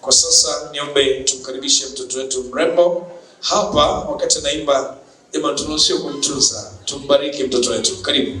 Kwa sasa niombe tumkaribishe mtoto wetu mrembo hapa, wakati anaimba, jamani, tunaruhusiwa kumtunza. Tumbariki mtoto wetu, karibu.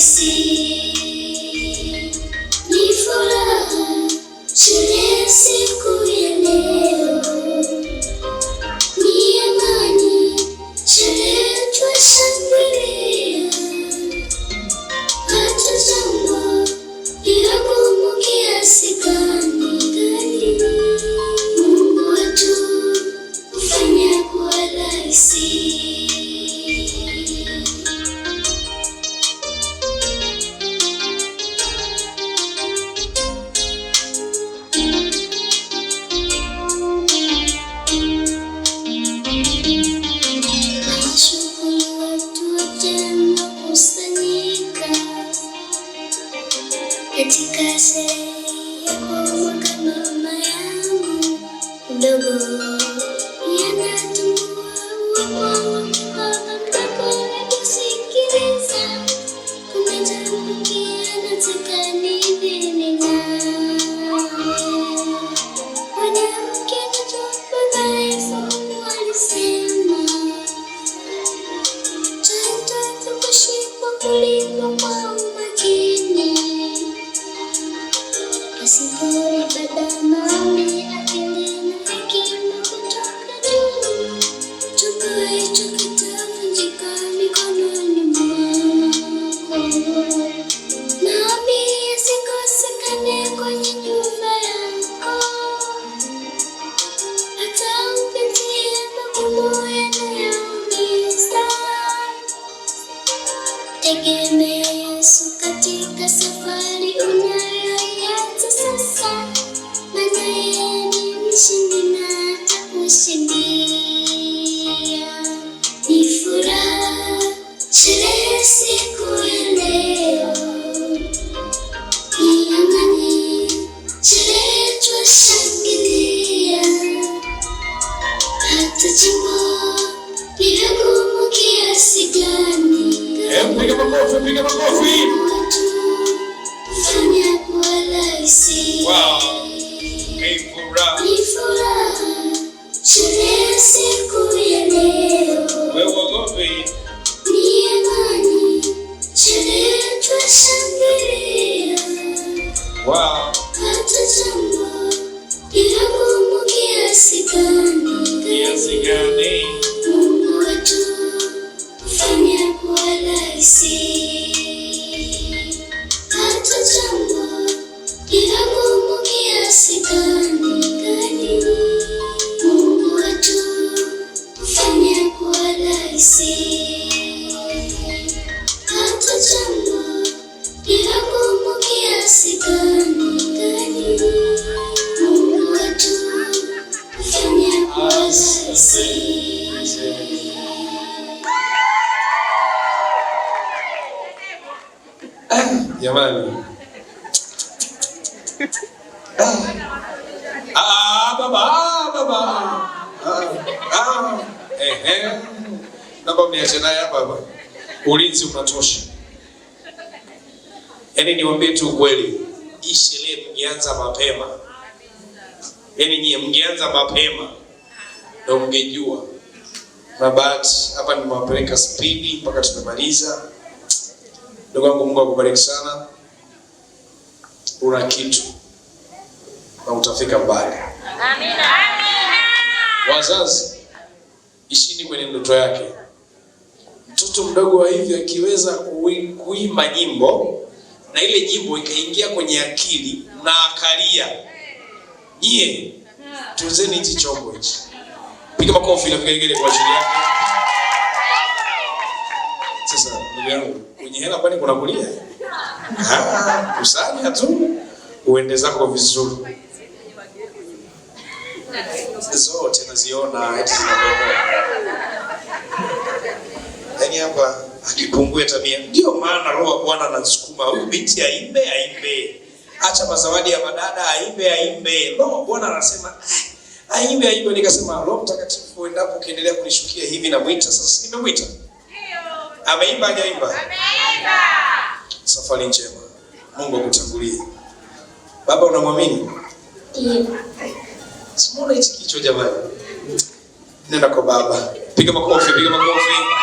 see. Need for love should answer. that you can say. സംഗീതിയ vigumu eh, Wow, ni kiasi gani, kiasi gani Mungu wetu hufanya kuwa rahisi. Hata jambo ni la ngumu kiasi gani, gani Mungu wetu hufanya kuwa rahisi. Jamani, ah, ah, ah, naomba mniache naye hapa baba, ulinzi unatosha. Yaani niwaambie tu ukweli, hii sherehe mngeanza mapema, yaani nyie mngeanza mapema na ungejua na bahati hapa nimewapeleka spidi mpaka tumemaliza. Ndugu yangu, Mungu akubariki sana, una kitu na utafika mbali. Amina. Wazazi, ishini kwenye ndoto yake. Mtoto mdogo wa hivi akiweza kuimba nyimbo na ile nyimbo ikaingia kwenye akili na akalia, nyie tunzeni hichi chombo hichi Piga makofi na vigelegele kwa ajili yake. Sasa ndugu yangu, kwenye hela kwani kuna kulia? Ah, usali tu uende zako vizuri. Zote naziona eti Yaani hapa akipungue tabia. Ndio maana roho ya Bwana anasukuma huyu binti aimbe aimbe. Acha mazawadi ya madada aimbe aimbe. Roho Bwana anasema aibe aibe. Nikasema Roho Mtakatifu, endapo ukiendelea kunishukia hivi, na mwita sasa. Nimemwita, Ndio. ameimba hajaimba? Ameimba. Safari njema, Mungu akutangulie. Baba, unamwamini? Ndio. Simuona hichi kichwa jamani. Nenda kwa baba, piga makofi, piga makofi.